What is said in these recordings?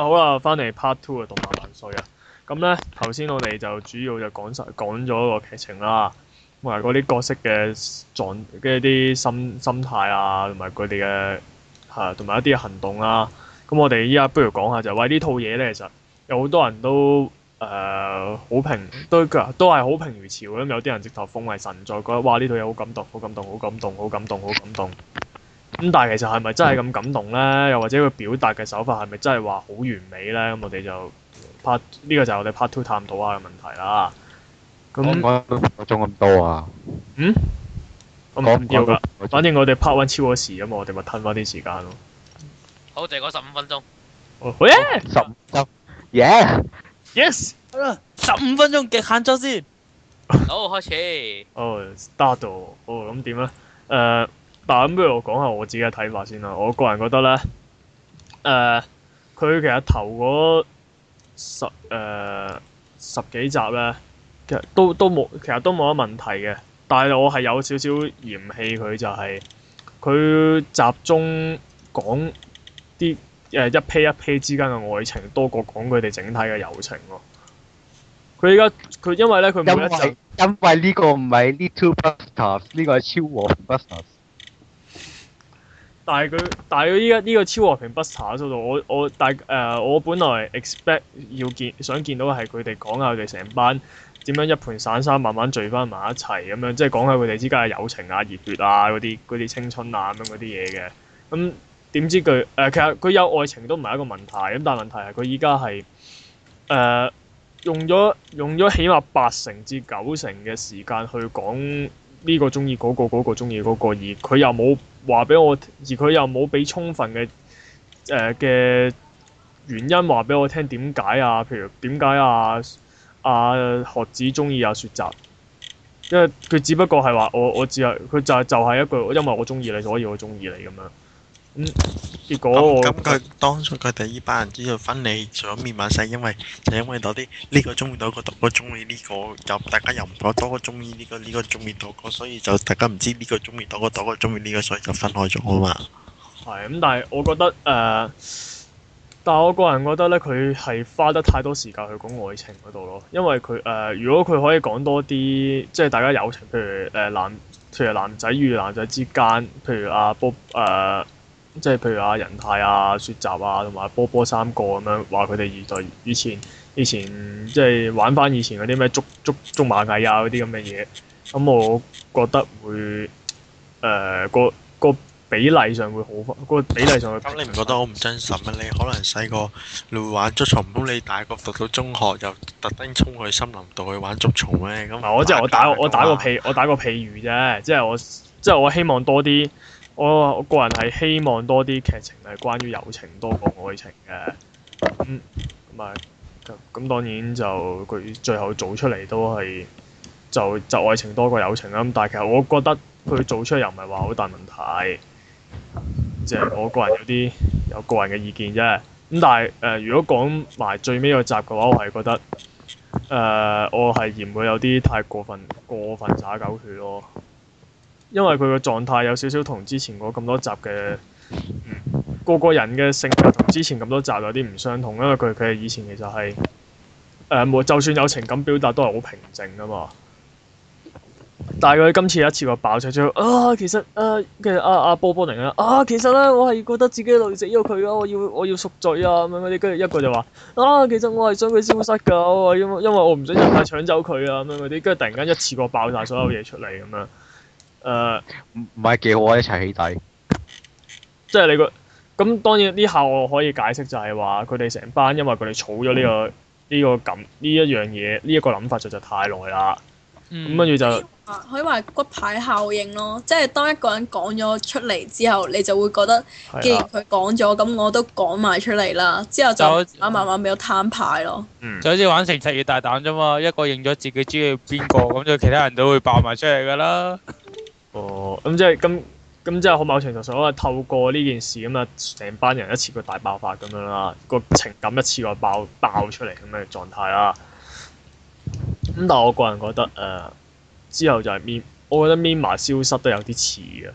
好啦，翻嚟 part two 嘅動漫萬歲啊！咁咧頭先我哋就主要就講曬講咗個劇情啦，同埋嗰啲角色嘅狀，跟住啲心心態啊，同埋佢哋嘅嚇，同、啊、埋一啲行動啦。咁、嗯、我哋依家不如講下就係，喂，套呢套嘢咧其實有好多人都誒好評，都噶都係好評如潮咁。有啲人直頭奉為神作，再覺得哇呢套嘢好感動，好感動，好感動，好感動，好感動。咁但係其實係咪真係咁感動咧？又或者佢表達嘅手法係咪真係話好完美咧？咁我哋就拍，呢個就係我哋 part two 探討下嘅問題啦。咁講咗咁多啊？嗯，嗯，我唔要噶。反正我哋 part one 超咗時啊嘛，我哋咪吞翻啲時間咯。好，剩我十五分鐘。哦、oh, yeah! oh,，好、yeah! yes! 啊，十五 yeah, yes, 十五分鐘極限咗先。好，no, 開始。哦、oh,，start 哦、oh,，咁點咧？誒。咁，啊、不如我講下我自己嘅睇法先啦。我個人覺得咧，誒、呃、佢其實頭嗰十誒、呃、十幾集咧，其實都都冇，其實都冇乜問題嘅。但係我係有少少嫌棄佢就係、是、佢集中講啲誒一 p 一 p 之間嘅愛情多過講佢哋整體嘅友情咯、哦。佢而家佢因為咧，佢因為呢一因為因為個唔係 Little b u s t e r 呢個係超黃 b u s t e r 但係佢，但係佢依家呢個超和平 Buster 嘅速度，我我大誒，我本來 expect 要見想見到係佢哋講下佢哋成班點樣一盤散沙慢慢聚翻埋一齊咁樣，即係講下佢哋之間嘅友情啊、熱血啊嗰啲嗰啲青春啊咁樣嗰啲嘢嘅。咁點、嗯、知佢誒、呃，其實佢有愛情都唔係一個問題咁，但係問題係佢依家係誒用咗用咗起碼八成至九成嘅時間去講呢個中意嗰個，嗰、嗰個中意嗰個，而佢又冇。話俾我，而佢又冇俾充分嘅誒嘅原因話俾我聽點解啊？譬如點解啊？阿、啊、學子中意阿雪澤，因為佢只不過係話我我只係佢就係就係一句，因為我中意你，所以我中意你咁樣。嗯，結果、嗯、我咁佢當初佢哋呢班人知道分你咗面馬世，因為 就因為嗰啲呢個中意到個讀嗰中意呢個，又大家又唔多多個中意呢個呢個中意到個，所以就大家唔知呢個中意到個到個中意呢個，所以就分開咗啊嘛。係咁、嗯，但係我覺得誒、呃，但係我個人覺得咧，佢係花得太多時間去講愛情嗰度咯，因為佢誒、呃、如果佢可以講多啲，即係大家友情，譬如誒、呃、男，譬如男仔與男仔之間，譬如阿 Bob 誒。啊啊啊即係譬如啊，人太啊、雪集啊，同埋波波三個咁樣話佢哋而代以前、以前即係玩翻以前嗰啲咩捉捉捉螞蟻啊嗰啲咁嘅嘢，咁我覺得會誒、呃、個個比例上會好翻，個比例上，比例上會。咁你唔覺得好唔真實咩？你可能細個你會玩捉蟲，唔通你大個讀到中學又特登衝去森林度去玩捉蟲咩？唔係，我即係我打我打個譬我打個譬如啫，即係我即係我希望多啲。我我個人係希望多啲劇情係關於友情多過愛情嘅，咁咁啊，咁當然就佢最後做出嚟都係就就愛情多過友情啦。咁但係其實我覺得佢做出嚟又唔係話好大問題，就係、是、我個人有啲有個人嘅意見啫。咁但係誒、呃，如果講埋最尾個集嘅話，我係覺得誒、呃，我係嫌佢有啲太過分過分灑狗血咯。因為佢嘅狀態有少少同之前嗰咁多集嘅個、嗯、個人嘅性格同之前咁多集有啲唔相同，因為佢佢係以前其實係誒冇，就算有情感表達都係好平靜噶嘛。但係佢今次一次過爆出咗啊！其實啊，其實阿阿波波寧啊，啊，波波啊其實咧，我係覺得自己累死咗佢啊！我要我要贖罪啊！咁樣嗰啲跟住一個就話啊，其實我係想佢消失㗎，因為因為我唔想人哋搶走佢啊！咁樣嗰啲跟住突然間一次過爆晒所有嘢出嚟咁樣。誒唔唔係幾好啊！一齊起，起底，即係你個咁當然呢下我可以解釋就係話佢哋成班因為佢哋儲咗呢個呢、嗯、個感呢一樣嘢呢一個諗法實在太耐啦，咁跟住就可以話骨牌效應咯，即係當一個人講咗出嚟之後，你就會覺得、啊、既然佢講咗，咁我都講埋出嚟啦，之後就慢慢慢慢變咗攤牌咯。就好似、嗯、玩成實越大膽啫嘛，一個認咗自己中意邊個，咁就 其他人都會爆埋出嚟噶啦。 哦，咁即係，咁，咁即係好某程度上啊，透過呢件事咁啊，成班人一次過大爆發，咁樣啦，個情感一次過爆爆出嚟咁嘅狀態啦。咁但係我個人覺得誒，之後就係，邊？我覺得 Mima 消失都有啲遲啊，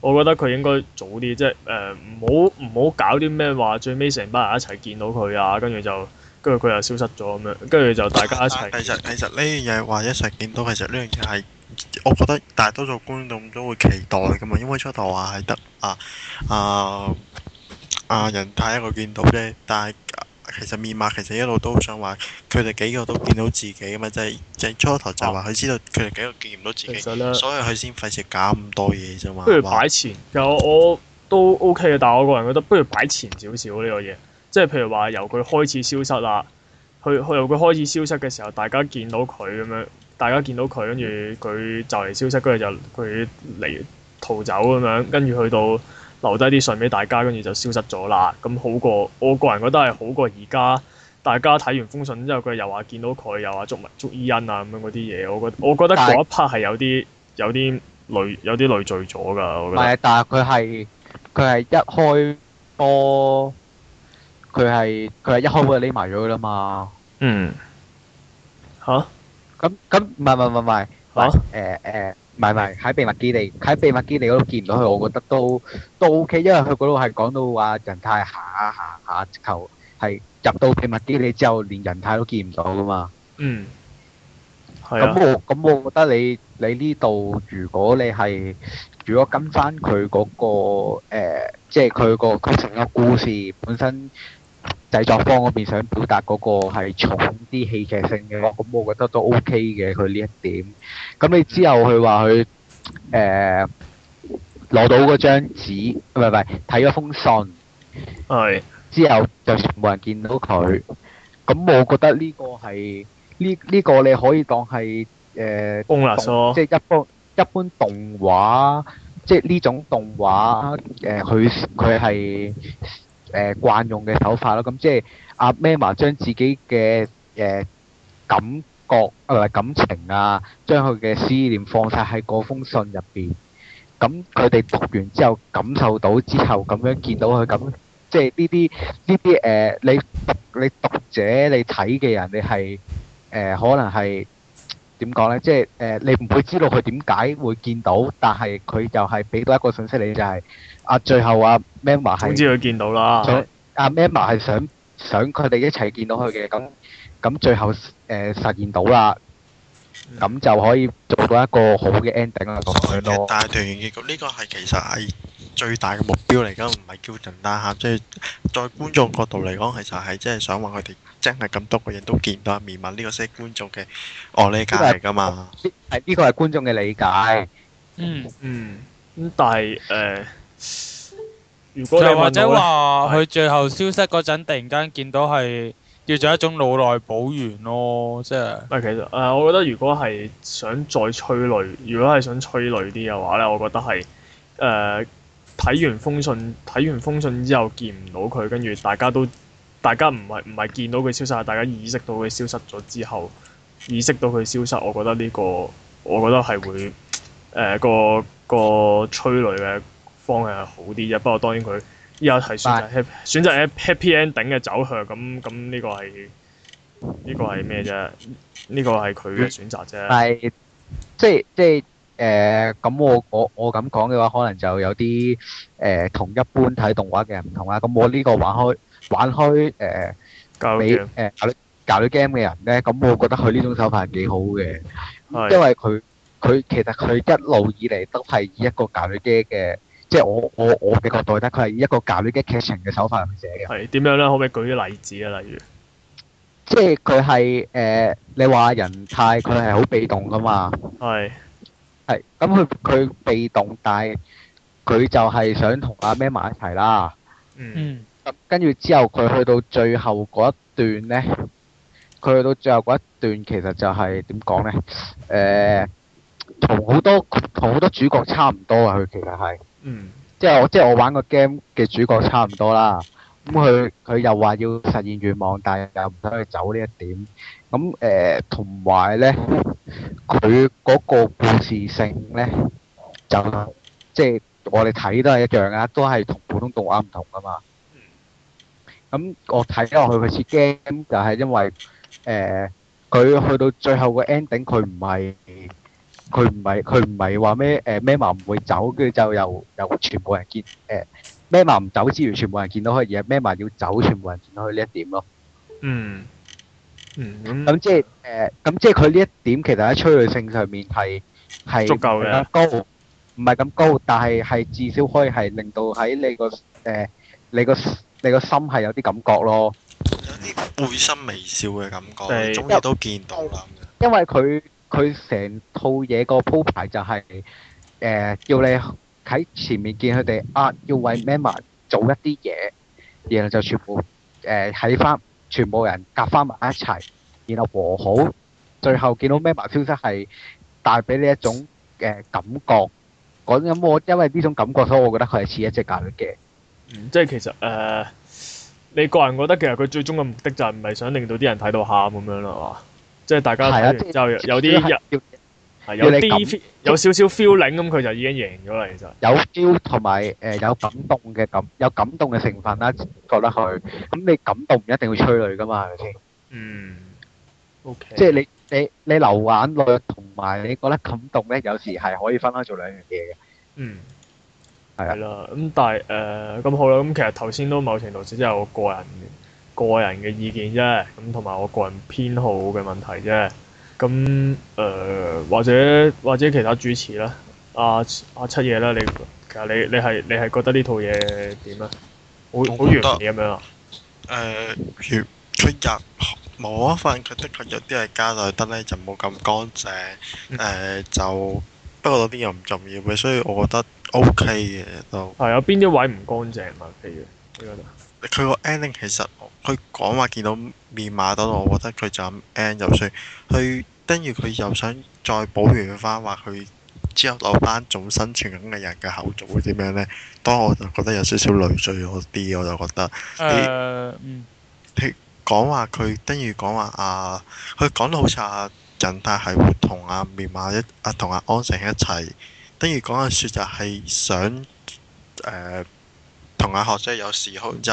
我覺得佢應該早啲，即係，誒，唔好唔好搞啲咩話，最尾成班人一齊見到佢啊，跟住就。跟住佢又消失咗咁樣，跟住就大家一齊、啊。其實其實呢樣嘢話一齊見到，其實呢樣嘢係我覺得大多數觀眾都會期待㗎嘛，因為初頭話係得啊啊啊仁太一個見到啫，但係、啊、其實面碼其實一路都想話佢哋幾個都見到自己㗎嘛，就係即係初頭就話佢知道佢哋幾個見唔到自己，啊、所以佢先費事搞咁多嘢啫嘛。不如擺前有說我,我都 OK 嘅，但係我個人覺得不如擺前少少呢個嘢。即係譬如話，由佢開始消失啦，去去由佢開始消失嘅時候，大家見到佢咁樣，大家見到佢，跟住佢就嚟消失，跟住就佢嚟逃走咁樣，跟住去到留低啲信俾大家，跟住就消失咗啦。咁好過我個人覺得係好過而家大家睇完封信之後，佢又話見到佢，又話捉埋捉伊恩啊咁樣嗰啲嘢，我覺我覺得嗰一 part 係有啲是有啲累有啲累贅咗㗎。唔係，但係佢係佢係一開波。佢係佢係一開會匿埋咗佢啦嘛。嗯、mm. Huh?。吓？咁咁唔係唔係唔係。吓？誒誒，唔係唔係喺秘密基地喺秘密基地嗰度見唔到佢，我覺得都都 O K，因為佢嗰度係講到話人太下下下直頭係入到秘密基地之後連人太都見唔到噶嘛。嗯。係啊、mm.。咁我咁我覺得你你呢度如果你係如果跟翻佢嗰個誒，即係佢個佢成個故事本身。製作方嗰邊想表達嗰個係重啲戲劇性嘅，咁、嗯、我覺得都 OK 嘅佢呢一點。咁、嗯、你之後佢話佢誒攞到嗰張紙，唔係唔係睇咗封信，係是之後就冇人見到佢。咁、嗯、我覺得呢個係呢呢個你可以當係能、呃嗯、動，嗯、即係一般一般動畫，即係呢種動畫誒，佢佢係。誒慣用嘅手法咯，咁即係阿 Mama 將自己嘅誒感覺啊，感情啊，將佢嘅思念放曬喺嗰封信入邊。咁佢哋讀完之後感受到之後，咁樣見到佢咁，即係呢啲呢啲誒，你讀你讀者你睇嘅人，你係誒可能係點講咧？即係誒你唔會知道佢點解會見到，但係佢又係俾到一個信息你，就係。啊，最後阿 emma 係，總之佢見到啦。阿 emma 係想想佢哋一齊見到佢嘅，咁咁最後誒實現到啦，咁就可以做到一個好嘅 ending 啦，講句多。但係大團圓結局呢個係其實係最大嘅目標嚟噶，唔係叫人拉黑。即係在觀眾角度嚟講，係就係即係想話佢哋真係咁多個人都見到阿 emma 呢個先係觀眾嘅我理解嚟噶嘛。係呢個係觀眾嘅理解。嗯嗯，咁但係誒。又或者話佢最後消失嗰陣，突然間見到係叫做一種腦內補完咯，即係。唔係，其實誒、呃，我覺得如果係想再催淚，如果係想催淚啲嘅話咧，我覺得係誒睇完封信，睇完封信之後見唔到佢，跟住大家都大家唔係唔係見到佢消失，大家意識到佢消失咗之後，意識到佢消失，我覺得呢、呢個我覺得係會誒、呃、個個催淚嘅。方向係好啲啫，不過當然佢依家係選擇 happy ending 嘅走向。咁咁呢個係呢、呢個係咩啫？呢個係佢嘅選擇啫。係即即誒咁，我我我咁講嘅話，可能就有啲誒、呃、同一般睇動畫嘅人唔同啦。咁我呢個玩開玩開誒，你誒格女 game 嘅人咧，咁我覺得佢呢種手法係幾好嘅，是的 因為佢佢其實佢一路以嚟都係以一個格女 game 嘅。即係我我我嘅角度咧，佢係以一個教練嘅劇情嘅手法嚟寫嘅。係點樣咧？可唔可以舉啲例子啊？例如，即係佢係誒，你話人太佢係好被動㗎嘛？係係咁，佢佢、嗯、被動，但係佢就係想同阿咩埋一齊啦。嗯，跟住之後佢去到最後嗰一段咧，佢去到最後嗰一段其實就係點講咧？誒，同、呃、好多同好多主角差唔多啊！佢其實係。嗯，即係我即係我玩個 game 嘅主角差唔多啦，咁佢佢又話要實現願望，但係又唔使去走呢一點，咁誒同埋咧，佢、呃、嗰個故事性咧就即係我哋睇都係一樣啊，都係同普通動畫唔同噶嘛。咁我睇落去佢似 game 就係、是、因為誒佢、呃、去到最後個 ending 佢唔係。佢唔係，佢唔係話咩誒 Mema 唔會走，跟住就又又全部人見誒 Mema 唔走之餘，全部人見到佢而係，Mema 要走，全部人見到佢呢一點咯。嗯嗯咁、嗯、即係誒咁即係佢呢一點，其實喺催淚性上面係係足夠嘅高、啊，唔係咁高，但係係至少可以係令到喺你個誒、呃、你個你個心係有啲感覺咯。有啲背心微笑嘅感覺，對終於都見到啦。因為佢。佢成套嘢個鋪排就係、是、誒、呃，叫你喺前面見佢哋啊，要為 m e x 做一啲嘢，然後就全部誒喺翻，全部人夾翻埋一齊，然後和好，最後見到 m e x 消失係帶俾你一種嘅、呃、感覺。咁、嗯、咁，我因為呢種感覺，所以我覺得佢係似一隻假嘅、嗯。即係其實誒、呃，你個人覺得其實佢最終嘅目的就係唔係想令到啲人睇到喊咁樣咯，係嘛？即係大家，係就對有啲人，係有少少 feeling 咁、嗯，佢就已經贏咗啦。其實有 feel 同埋誒有感動嘅感，有感動嘅成分啦，覺得佢咁你感動唔一定要催淚㗎嘛，係咪先？嗯。OK。即係你你你流眼淚同埋你覺得感動咧，有時係可以分開做兩樣嘢嘅。嗯。係啊的。係啦的，咁但係誒，咁好啦，咁其實頭先都某程度上即係我個人。個人嘅意見啫，咁同埋我個人偏好嘅問題啫。咁誒、呃、或者或者其他主持啦，阿、啊、阿七嘢啦，你其實你你係你係覺得呢套嘢點咧？好好、呃、完美咁樣啊？誒，出入冇啊份，佢的確有啲係加耐得咧，就冇咁乾淨。誒、呃，就 不過有啲又唔重要嘅，所以我覺得 OK 嘅都。係、啊、有邊啲位唔乾淨啊？譬如你覺得呢個就。佢個 ending 其實佢講話見到麵碼到，我覺得佢就咁 end 就算。佢跟住佢又想再補完翻，話佢之後落班總生存咁嘅人嘅後續會點樣呢？當我就覺得有少少累贅咗啲，我就覺得。誒嗯，佢講話佢跟住講話啊，佢講得好似啊，啊，仁太係會同啊麵碼一啊同啊安成一齊，跟住講嘅説就係想誒。啊同阿學姐有時好，就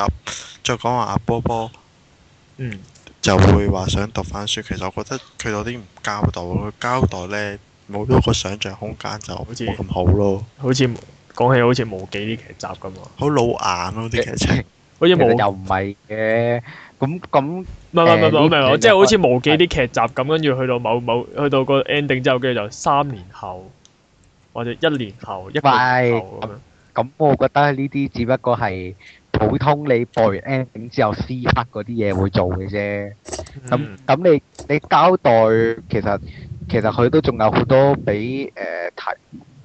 再講話阿波波，嗯，就會話想讀返書。其實我覺得佢有啲唔交代，佢交代咧冇咗個想像空間，就好似冇咁好咯。好似講起好似無記啲劇集咁啊！好老眼咯啲劇情，好似無又唔係嘅。咁咁唔唔唔唔唔唔，即係好似無記啲劇集咁，跟住去到某某去到個 ending 之後，跟住就三年後或者一年後、一年咁我覺得呢啲只不過係普通你播完 ending 之後 C part 嗰啲嘢會做嘅啫。咁咁你你交代其實其實佢都仲有好多俾誒睇，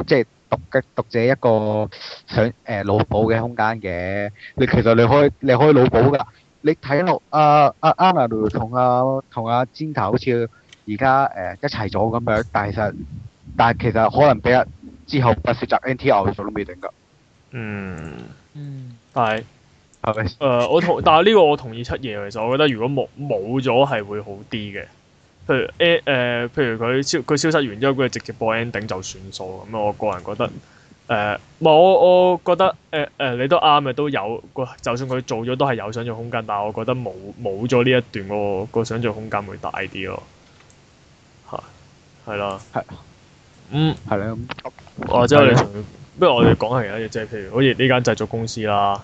即係讀嘅讀者一個想誒腦補嘅空間嘅。你其實你可以你可以腦補㗎。你睇落，阿阿安娜同阿同阿尖頭好似而家誒一齊咗咁樣，但係其實但係其實可能俾阿之後不涉及 NTR 做都未定㗎。嗯嗯，但係誒 Okay.、呃，我同但係呢個我同意七夜，其實我覺得如果冇冇咗係會好啲嘅，譬如誒誒、欸呃，譬如佢消佢消失完之後，佢直接播 ending 就算數咁啊。我個人覺得誒，唔、呃、我我覺得誒誒、呃呃，你都啱嘅，都有個就算佢做咗都係有想象空間，但係我覺得冇冇咗呢一段個個、哦、想象空間會大啲咯。係、啊、係啦，係嗯係咧咁，或者你？不如我哋講下其他嘢，即係譬如好似呢間製作公司啦，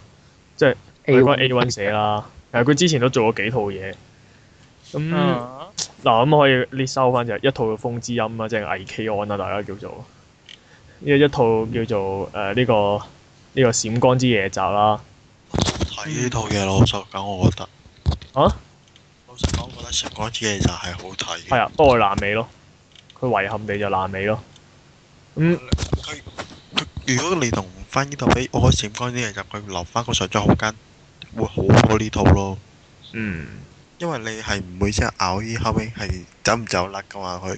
即係關於 A One 寫啦，誒佢 之前都做過幾套嘢。咁、嗯、嗱，咁、uh huh. 可以 list out 翻就係一套《風之音》啊，即係《危 K 案》啊，大家叫做。呢一套叫做誒呢、呃呢個呢、呢個閃光之夜襲啦。睇呢套嘢，老實講，我覺得。啊？老實講，覺得閃光之夜襲係好睇。係啊，不過爛尾咯。佢遺憾地就爛尾咯。咁、嗯。啊如果你同翻呢套戲，我覺得《閃光之夜》入佢留翻個上張好緊，會好過呢套咯。嗯，因為你係唔會即係咬依後尾係走唔走甩嘅話，佢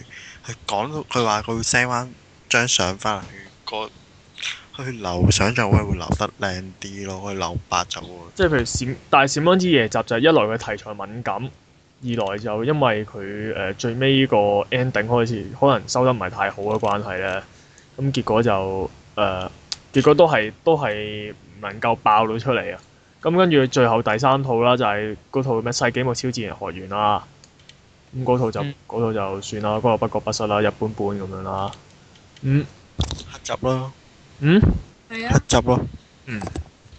係講佢話佢會 send 翻張相翻去個去留相上張會留得靚啲咯，去留白就會。即係譬如閃，但係《閃光之夜》集就一來佢題材敏感，二來就因為佢誒、呃、最尾呢個 ending 開始可能收得唔係太好嘅關係咧，咁結果就。誒、呃，結果都係都係唔能夠爆到出嚟啊！咁跟住最後第三套啦，就係、是、嗰套咩《世紀末超自然學園》啦。咁、嗯、嗰套就嗰、嗯、套就算啦，嗰個不過不失啦，一般般咁樣啦。嗯。合集咯。嗯。啊，合集咯。嗯。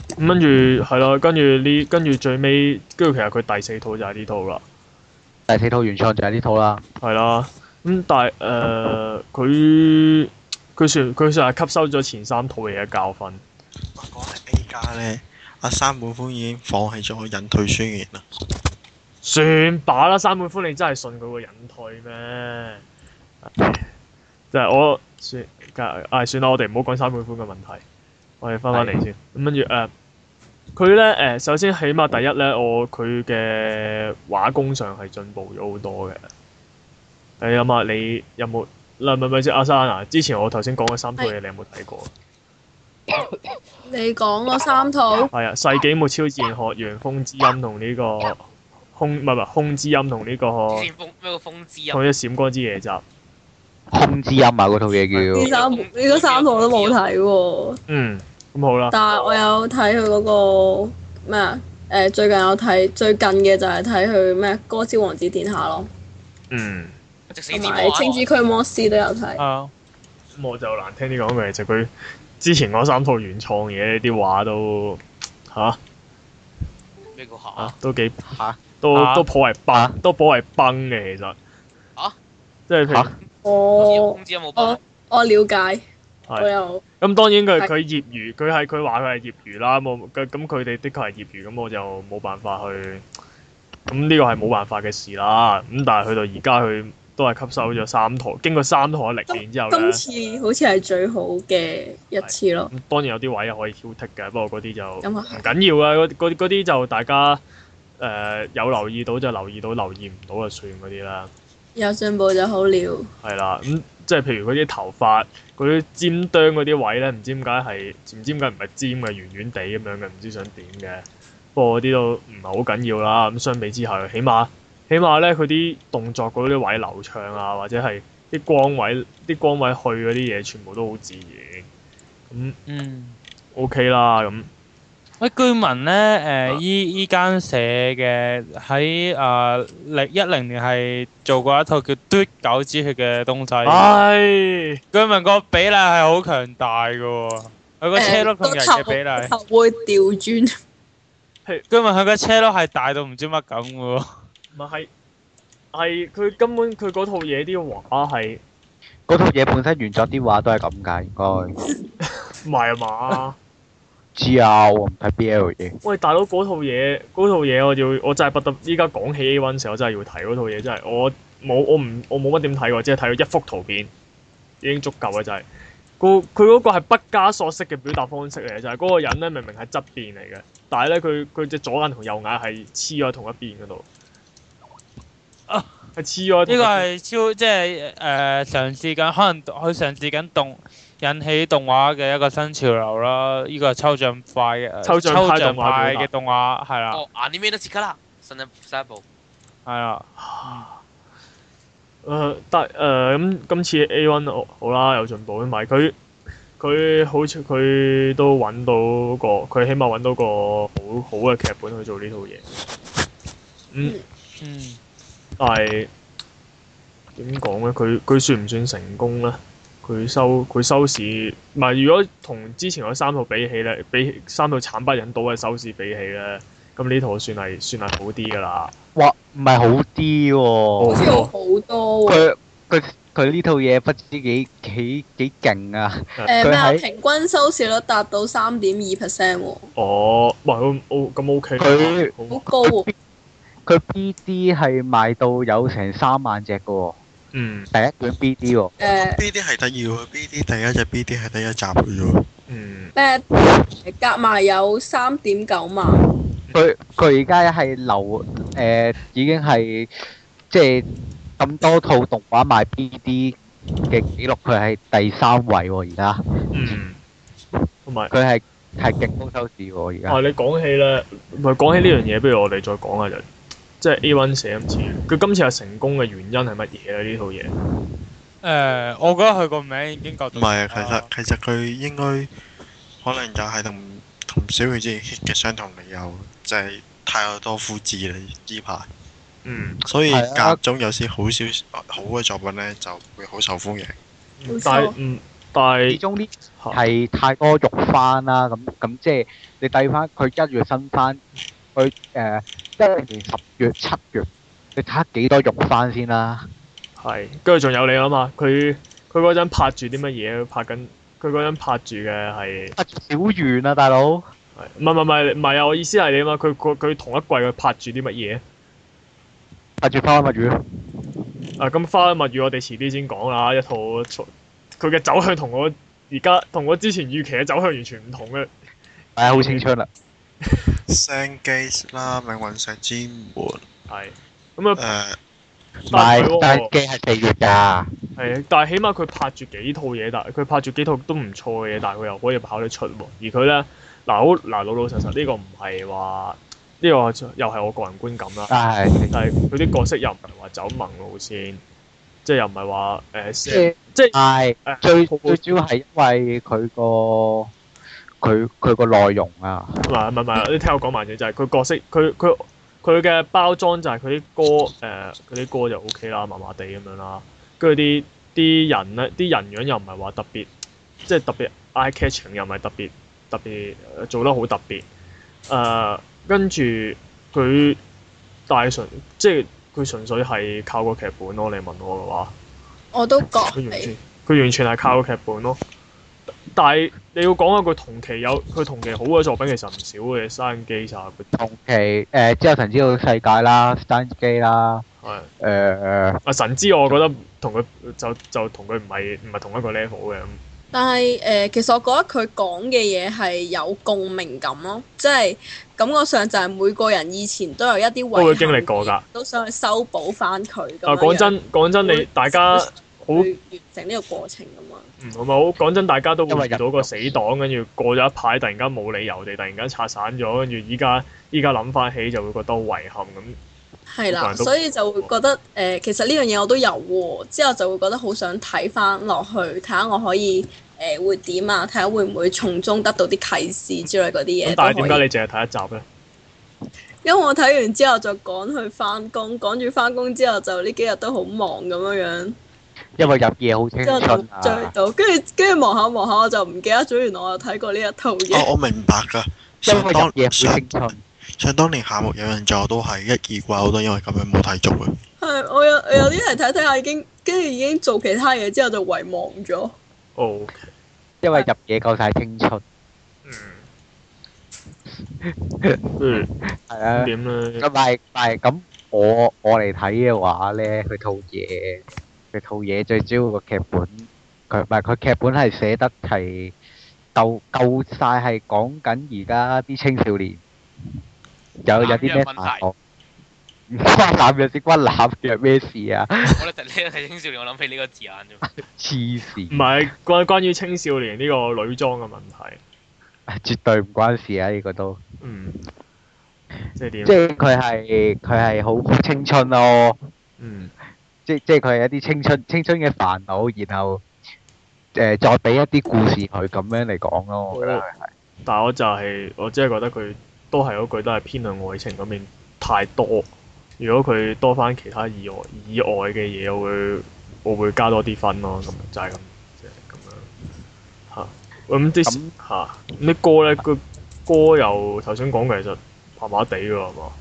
咁跟住係啦，跟住呢，跟住最尾，跟住其實佢第四套就係呢套啦。第四套原創就係呢套啦。係啦，咁、嗯、但係誒佢。呃佢算，佢算係吸收咗前三套嘢嘅教訓。講起、啊、A 加咧，阿、啊、三本寬已經放棄咗隱退宣言啦。算吧啦，三本寬，你真係信佢個隱退咩？即係 我算，唉、啊，算啦，我哋唔好講三本寬嘅問題，我哋翻返嚟先。咁跟住誒，佢咧誒，首先起碼第一咧，我佢嘅畫功上係進步咗好多嘅。你諗下，你有冇？嗱咪咪阿珊啊，之前我頭先講嘅三套嘢，哎、你有冇睇過？你講嗰三套？係啊、哎，世紀末超自然學、陽風之音同呢個空，唔係唔係，空之音同呢、這個。咩個風之音？同啲閃光之夜集。空之音啊，嗰套嘢叫。呢三套，呢，三套我都冇睇喎。嗯，咁好啦。但係我有睇佢嗰個咩啊？誒、呃，最近有睇，最近嘅就係睇佢咩《歌之王子殿下》咯。嗯。我係《青之驅魔師》都有睇。係啊，咁我就難聽啲講嘅，其實佢之前嗰三套原創嘢啲畫都吓，咩個吓？都幾吓，都都頗為崩，都頗為崩嘅其實。吓？即係譬如，啊、我、啊、我，我了解，是我咁有，當然佢佢是業餘，佢係佢話佢係業餘啦。冇咁，佢哋的確係業餘，咁我就冇辦法去。咁呢個係冇辦法嘅事啦。咁但係去到而家佢。都係吸收咗三台，經過三台歷練之後，今次好似係最好嘅一次咯。當然有啲位可以挑剔嘅，不過嗰啲就唔緊要啊。嗰啲、嗯、就大家誒、呃、有留意到就留意到，留意唔到就算嗰啲啦。有進步就好了。係啦，咁、嗯、即係譬如嗰啲頭髮、嗰啲尖釘嗰啲位咧，唔知點解係唔知點解唔係尖嘅，圓圓地咁樣嘅，唔知想點嘅。不過嗰啲都唔係好緊要啦。咁相比之下，起碼起碼咧，佢啲動作嗰啲位流暢啊，或者係啲光位、啲光位去嗰啲嘢，全部都好自然。咁、嗯、OK 嗯啦咁。喂，居民咧，誒依依間社嘅喺啊零一零年係做過一套叫《嘟狗之血》嘅東西。係、哎，居民個比例係好強大嘅，佢個車轆同人嘅比例、呃、頭頭會掉轉。居民佢嘅車轆係大到唔知乜咁嘅喎。咪係係佢根本佢嗰套嘢啲畫係嗰套嘢本身原作啲畫都係咁噶，應該唔係啊嘛？知啊，我唔睇 B L 嘢。喂，大佬嗰套嘢嗰套嘢，我要我真係不得不依家講起 A One 時，我真係要睇嗰套嘢，真係我冇我唔我冇乜點睇過，只係睇咗一幅圖片已經足夠嘅，就係佢嗰個係不加索式嘅表達方式嚟嘅，就係、是、嗰個人咧明明係側邊嚟嘅，但係咧佢佢隻左眼同右眼係黐咗同一邊嗰度。啊！呢個係超，即係誒嘗試緊，可能佢嘗試緊動引起動畫嘅一個新潮流啦。呢個係抽象派嘅抽象派嘅動畫係啦。哦，Animator 切啦，新一部三部係啦。誒得誒，咁了、 呃呃、今次 A one 好啦，有進步，同埋佢佢好似佢都搵到個，佢起碼搵到個好好嘅劇本去做呢套嘢。嗯嗯。但係點講咧？佢佢算唔算成功咧？佢收佢收市，唔係如果同之前嗰三套比起咧，比三套慘不忍睹嘅收市比起咧，咁呢套算係算係好啲㗎啦。哇！唔係好啲喎、哦，好似好好多喎。佢佢佢呢套嘢不知幾幾幾勁啊！誒咩、欸是？平均收視率達到三點二 percent 喎。哦，唔係咁 OK。佢好高。 佢 B D 係賣到有成三萬隻嘅、哦，嗯，第一卷 B D 喎、哦，誒、呃、，B D 係第二喎，B D 第一隻 B D 係第一集去咗，嗯，咩，夾埋有三點九萬，佢佢而家係留，誒、呃，已經係即係咁多套動畫賣 B D 嘅紀錄，佢係第三位喎、哦，而家，嗯，同埋佢係係極高收視喎，而家，啊，你起講起咧，唔係講起呢樣嘢，不如我哋再講下就。即係 A one 寫咁似，佢今次係成功嘅原因係乜嘢呢套嘢？誒、呃，我覺得佢個名已經夠。唔係，其實其實佢應該可能就係同同小雨之前嘅相同理由，就係、是、太有多副字啦呢排。嗯，所以間中有時好少好嘅作品呢，就會好受歡迎。嗯、但係嗯，但係始終啲係太多肉番啦，咁咁、啊、即係你睇翻佢一月新番佢誒。即係十月七月，月，你睇下幾多用翻先啦。係，跟住仲有你啊嘛？佢佢嗰陣拍住啲乜嘢？拍緊佢嗰陣拍住嘅係拍住小圓啊，大佬。係，唔係唔係唔係啊！我意思係你啊嘛？佢佢同一季佢拍住啲乜嘢？拍住花蜜語啊！咁花蜜語我哋遲啲先講啦，一套佢嘅走向同我而家同我之前預期嘅走向完全唔同嘅。大家好青春啦。生機啦，命運石之門係咁啊！誒，買單機係地月噶，係，但係起碼佢拍住幾套嘢，但佢、mm. 拍住幾套都唔錯嘅嘢，但係佢又可以跑得出喎。而佢咧，嗱好，嗱老老實實呢個唔係話呢個又係我個人觀感啦。但係，但係佢啲角色又唔係話走萌路綫，即係又唔係話誒，即係係最最主要係因為佢個。佢佢個內容啊，唔係唔係唔係，你聽我講埋嘢，就係佢角色，佢佢佢嘅包裝就係佢啲歌，誒佢啲歌就 OK 啦，麻麻地咁樣啦，跟住啲啲人咧，啲人樣又唔係話特別，即係特別 eye catching 又唔係特別特別做得好特別，誒跟住佢大純即係佢純粹係靠個劇本咯。你問我嘅話，我都覺你佢完全佢完全係靠個劇本咯。但係你要講一句，同期有佢同期好嘅作品其實唔少嘅。山機就係佢同期之《只有、呃、神知道的世界》啦，《山機》啦，係，誒啊神知，我覺得同佢就就同佢唔係唔係同一個 level 嘅。但係誒、呃，其實我覺得佢講嘅嘢係有共鳴感咯，即係感覺上就係每個人以前都有一啲都會經歷過㗎，都想去修補翻佢。啊、呃，講真講真，會你大家。好完成呢個過程咁啊、嗯！好冇好，講真，大家都會遇到個死黨，跟住過咗一排，突然間冇理由地，突然間拆散咗，跟住依家依家諗翻起就會覺得好遺憾咁。係啦，的所以就會覺得誒、呃，其實呢樣嘢我都有喎、啊，之後就會覺得好想睇翻落去，睇下我可以誒、呃、會點啊，睇下會唔會從中得到啲啟示之類嗰啲嘢。嗯、但係點解你淨係睇一集咧？因為我睇完之後就趕去翻工，趕住翻工之後就呢幾日都好忙咁樣樣。因為入夜好青春，追到跟住跟住望下望下，我就唔記得咗。原來我有睇過呢一套嘢。哦，我明白噶，因為入夜好青春。想當年夏目友人帳都係一二季好多，因為咁樣冇睇足啊。係我有我有啲係睇睇下已經，跟住已經做其他嘢之後就遺忘咗。哦，因為入夜夠晒青春。嗯。嗯。係啊。點咧？咁但係但係咁，我我嚟睇嘅話咧，佢套嘢。佢套嘢最主要個劇本，佢唔係佢劇本係寫得係夠夠晒係講緊而家啲青少年有有啲咩？關男有事關男有咩事啊？ 我得就呢個係青少年，我諗起呢個字眼啫。黐線。唔係關關於青少年呢、這個女裝嘅問題。絕對唔關事啊！呢、這個都。嗯。即係點？即係佢係佢係好好青春咯。嗯。就是、即即佢係一啲青春青春嘅煩惱，然後誒再俾一啲故事佢咁樣嚟講咯，我覺得係。但我就係、是、 我只係覺得佢都係嗰句都係偏向愛情嗰面太多。如果佢多翻其他以外以外嘅嘢，我會我會加多啲分咯。咁就係、是、咁，即係咁樣嚇。咁啲嚇啲歌咧，佢歌又頭先講其實麻麻地㗎係嘛？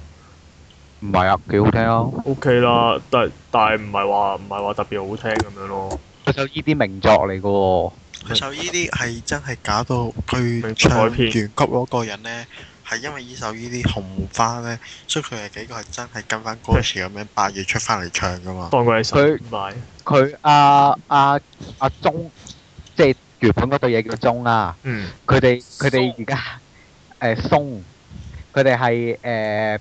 唔係啊，幾好聽啊，OK 啦，但但係唔係話唔係話特別好聽咁樣咯。依首依啲名作嚟嘅喎。依首依啲係真係假到，佢唱原曲嗰個人咧，係因為依首依啲紅翻咧，所以佢哋幾個係真係跟翻歌詞咁樣八月出翻嚟唱噶嘛。佢佢阿阿阿鍾，即係原本嗰對嘢叫鍾啊。嗯。佢哋佢哋而家誒松，佢哋係誒。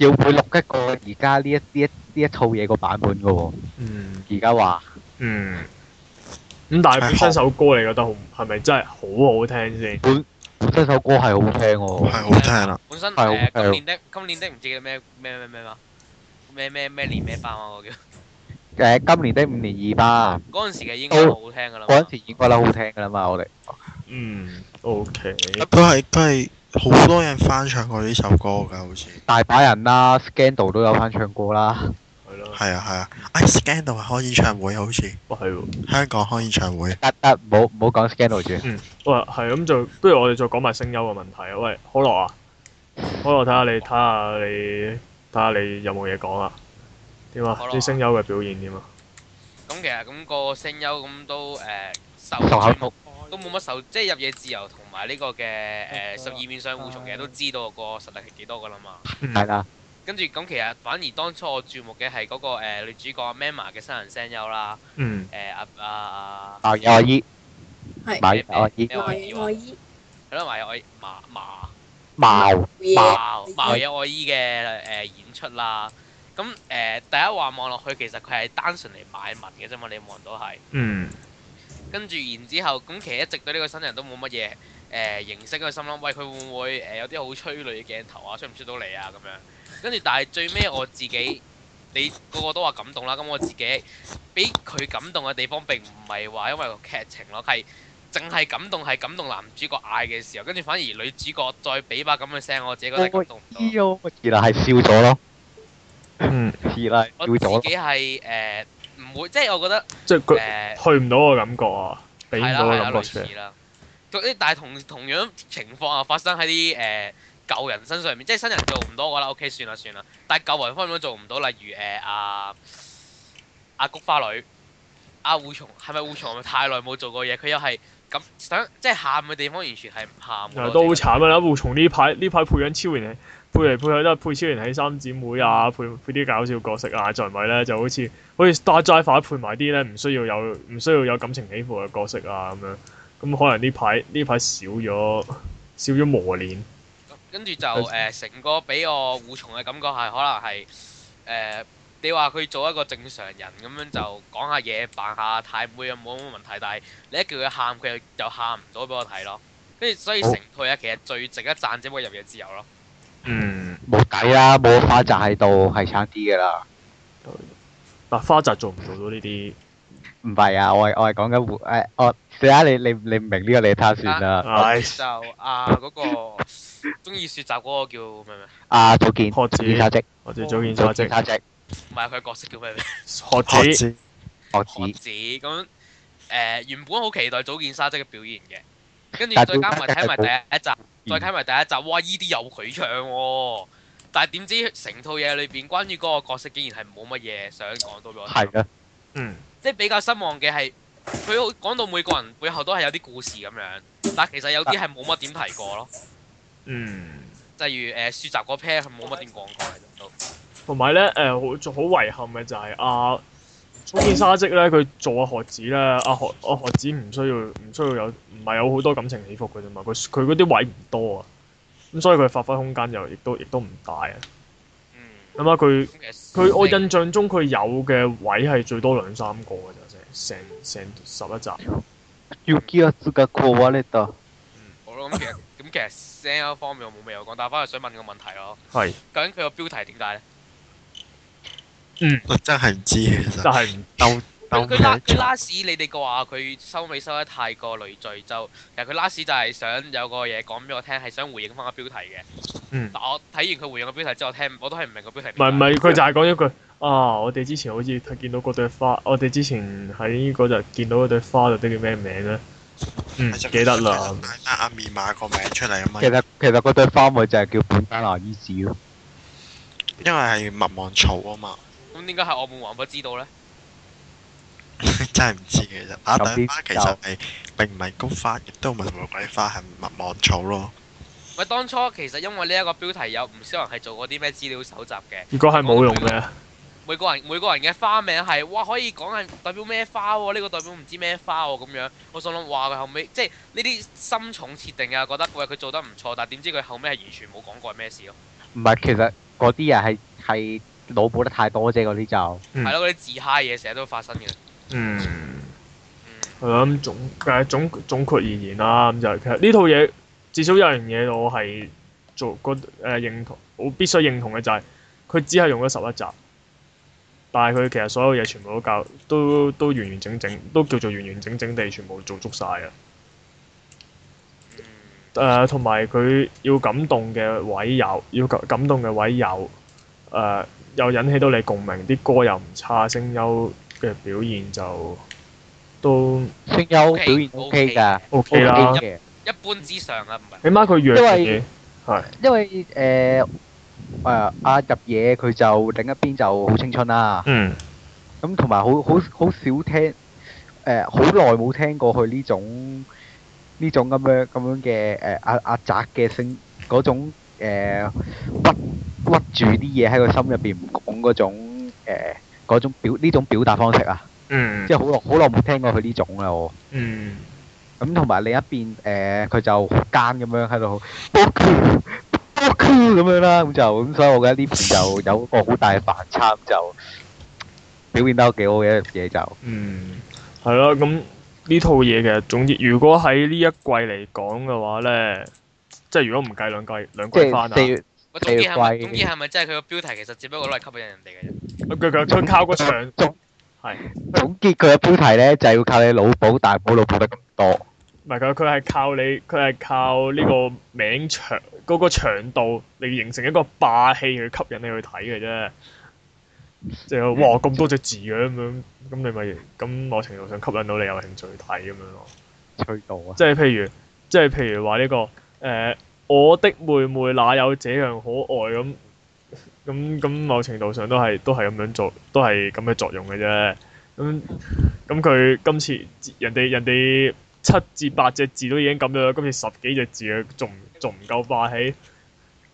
要會錄一個而家呢一呢一呢一套嘢個版本嘅喎，而家話，嗯，咁但係本身首歌你覺得係咪真係好好聽先？本身首歌係好好聽喎，係好聽啦。本身係今年的今年的唔知叫咩咩咩咩嘛，咩咩咩年咩班啊？我叫誒今年的五年二班。嗰陣時嘅應該都好聽㗎啦，嗰陣時應該都好聽㗎啦嘛，我哋。嗯，OK。都係都係。好多人翻唱過呢首歌㗎，好似大把人啦，Scandal 都有翻唱過啦，係咯，係啊係啊，哎，Scandal 開演唱會好似，哇係喎，香港開演唱會，得得，冇冇講 Scandal 住，嗯，喂，係咁就不如我哋再講埋聲優嘅問題啊，喂，可樂啊，可樂睇下你睇下你睇下你有冇嘢講啊，點啊？啲聲優嘅表現點啊？咁其實咁個聲優咁都誒受考。都冇乜受，即係入嘢自由同埋呢個嘅誒十二面相互從嘅人都知道個實力係幾多噶啦嘛。嗯，係啦。跟住咁，其實反而當初我注目嘅係嗰個誒女主角阿 Mama 嘅新人聲優啦。嗯。誒，阿阿阿。阿有阿姨。係。阿姨，阿姨，阿姨。有埋有阿姨嘅誒演出啦。咁誒第一話望落去，其實佢係單純嚟賣物嘅啫嘛，你望到係。嗯。跟住然之後，咁其實一直對呢個新人都冇乜嘢誒認識嘅心諗。喂，佢會唔會誒、呃、有啲好催淚嘅鏡頭啊？出唔出到嚟啊？咁樣。跟住，但係最尾我自己，你個個都話感動啦。咁我自己俾佢感動嘅地方並唔係話因為個劇情咯，係淨係感動係感動男主角嗌嘅時候。跟住反而女主角再俾把咁嘅聲，我自己覺得感動唔到。原來係笑咗咯。嗯，原來是啦，笑咗。我自己係誒。呃唔會即係我覺得，即誒佢、呃、去唔到個感覺啊，俾唔到個感覺先。啊、類似同啲但係同同樣情況啊，發生喺啲誒舊人身上面，即係新人做唔到我覺得 OK，算啦算啦。但係舊人方面都做唔到，例如誒阿阿菊花女，阿胡松係咪胡松？係咪胡松啊、太耐冇做過嘢，佢又係。咁想即係喊嘅地方完全係唔喊嘅。又都好慘啊！胡松呢排呢排配緊超人，配嚟配去都係配超人，起三姊妹啊，配配啲搞笑角色啊，再唔係咧就好似好似再再法配埋啲咧，唔需要有唔需要有感情起伏嘅角色啊咁樣。咁可能呢排呢排少咗少咗磨練。跟住就誒，成是、呃、個俾我胡松嘅感覺係可能係誒。呃你話佢做一個正常人咁樣就講下嘢扮下太妹啊，冇乜問題。但係你一叫佢喊，佢又又喊唔到俾我睇咯。跟住所以成套啊，其實最值一讚，只會入嘢自由咯。嗯，冇計啦，冇花集喺度係差啲噶啦。但花集做唔做到呢啲。唔係啊，我係我係講緊活誒。我點解，你你你唔明呢個你睇算啦。就阿嗰個中意雪集嗰個叫咩咩？阿祖健。柯志嘉植。我叫祖健，我叫嘉植。唔係，佢角色叫咩名？「學子，學子咁誒，原本好期待早見沙織嘅表現嘅，跟住再加埋睇埋第一集，再睇埋第一集，哇！呢啲有佢唱，哦，但係點知成套嘢裏邊關於嗰個角色竟然係冇乜嘢想講到我。係嘅，嗯，即係比較失望嘅係，佢講到每個人背後都係有啲故事咁樣，但係其實有啲係冇乜點提過咯。嗯，例如誒、呃，書集 pair 佢冇乜點講過嘅都。同埋咧，誒好好遺憾嘅就係啊，中建沙積咧，佢做阿學子咧，阿、啊、學阿、啊、子唔需要唔需要有唔係有好多感情起伏嘅啫嘛，佢佢嗰啲位唔多啊，咁所以佢發揮空間又亦都亦都唔大啊。咁啊，佢佢我印象中佢有嘅位係最多兩三個㗎啫，成成十一集。要幾多個 call 你好咁、嗯、其實咁 其實聲嗰方面我冇咩嘢講，但係翻去想問個問題咯。係是。 究竟佢個標題點解咧？嗯，我真係唔知，就係唔兜兜佢拉屎，你哋嘅話，佢收尾收得太過累贅就，其實佢拉屎，就係想有個嘢講俾我聽，係想回應翻個標題嘅。嗯。但我睇完佢回應個標題之後，我聽我都係唔明個標題。唔係唔係，佢就係講咗句啊，啊！我哋之前好似睇見到嗰對花，我哋之前喺嗰日見到嗰對花就叫咩名咧？嗯，的記得啦。拉阿面馬個名出嚟啊嘛。其實其實嗰對花咪就係叫本巴拿伊子咯，因為係勿忘草啊嘛。咁點解係我們還不知道呢？真係唔知其實，阿大媽其實係並唔係菊花，亦都唔係玫瑰花，係芒草咯。喂，當初其實因為呢一個標題有唔少人係做過啲咩資料搜集嘅。如果係冇用嘅。每個人每個人嘅花名係哇，可以講係代表咩花喎？呢個代表唔知咩花喎？咁樣我想諗，哇！佢後尾即係呢啲深重設定啊，覺得喂佢做得唔錯，但點知佢後尾係完全冇講過係咩事咯？唔係，其實嗰啲人係係，腦補得太多啫，嗰啲就係咯，嗰啲自嗨嘢成日都發生嘅。嗯，我諗、嗯嗯、總誒總總括而言啦，就係、其實呢套嘢至少有樣嘢我係做個誒認同，我必須認同嘅就係、是、佢只係用咗十一集，但係佢其實所有嘢全部都教都都完完整整，都叫做完完整整地全部做足晒啊！誒、嗯，同埋佢要感動嘅位有，要感動嘅位有誒。呃又引起到你共鳴，啲歌又唔差，聲優嘅表現就都聲優表現 O K 㗎，O K 啦，OK、的一般之上為是、呃、啊，唔係起碼佢養嘢，係因為誒誒阿入野佢就另一邊就好青春啦、啊，嗯，咁同埋好好好少聽誒好耐冇聽過佢呢種呢種咁樣咁樣嘅誒阿阿宅嘅聲嗰種誒、啊屈住啲嘢喺個心入邊唔講嗰種誒、呃、種表呢種表達方式啊，嗯，即係好耐好耐冇聽過佢呢種啦我，嗯，咁同埋另一邊誒佢就奸咁樣喺度，咁 樣啦、啊、咁就咁所以我覺得呢盤就有個好大嘅反差就表現得幾好嘅一樣嘢就，嗯，係咯，咁呢套嘢其實總結如果喺呢一季嚟講嘅話咧，即係如果唔計兩季兩季番啊月。我總結係咪的真係佢個標題其實只不過都係吸引人哋嘅啫？佢佢佢靠個長度係總結佢嘅標題咧，就係要靠你腦補大保腦補得咁多。唔係佢佢係靠你，佢係靠呢個名長嗰、那個長度嚟形成一個霸氣去吸引你去睇嘅啫。嗯啊、就哇咁多隻字嘅咁樣，咁你咪咁某程度上吸引到你有興趣去睇咁樣咯。吹到啊！即係譬如，即係譬如話呢、這個誒。呃我的妹妹哪有這樣可愛，咁咁咁某程度上都係都係咁樣做，都係咁嘅作用嘅啫。咁咁佢今次人哋人哋七至八隻字都已經咁樣啦，今次十幾隻字啊，仲仲唔夠霸氣？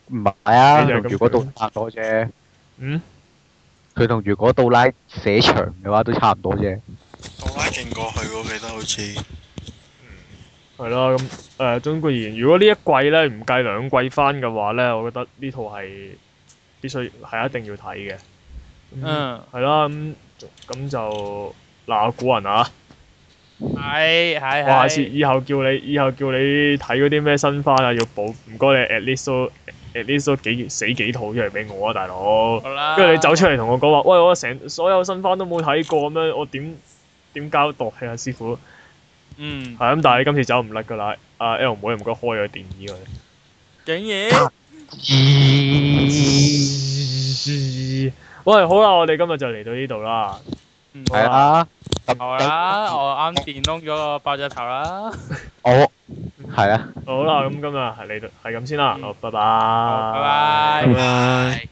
唔係啊，同如果杜拉多啫。嗯？佢同如果杜拉寫長嘅話都差唔多啫。杜拉勁過去喎，記得好似。係咯，咁誒總括而言，如果呢一季咧唔計兩季番嘅話咧，我覺得呢套係必須係一定要睇嘅。嗯。係啦咁咁就嗱，下古人啊！係係，哎哎，我下次以後叫你，以後叫你睇嗰啲咩新番啊，要補唔該你 at least 都、so, 死、so、幾、幾套出嚟俾我啊，大佬。跟住啦你走出嚟同我講話，喂，我成所有新番都冇睇過咁樣，我點點交代啊師傅？嗯，係咁，但係你今次走唔甩噶啦，阿、啊、L 妹又唔該開咗個電椅佢。竟然！喂，好啦，我哋今日就嚟到呢度啦。係啊。好啦，啊、好啦我啱電窿咗個爆炸頭啦。好！係啊。好啦，咁、嗯、今日係嚟到，係咁先啦。哦、嗯，拜拜。拜拜。拜拜。拜拜拜拜。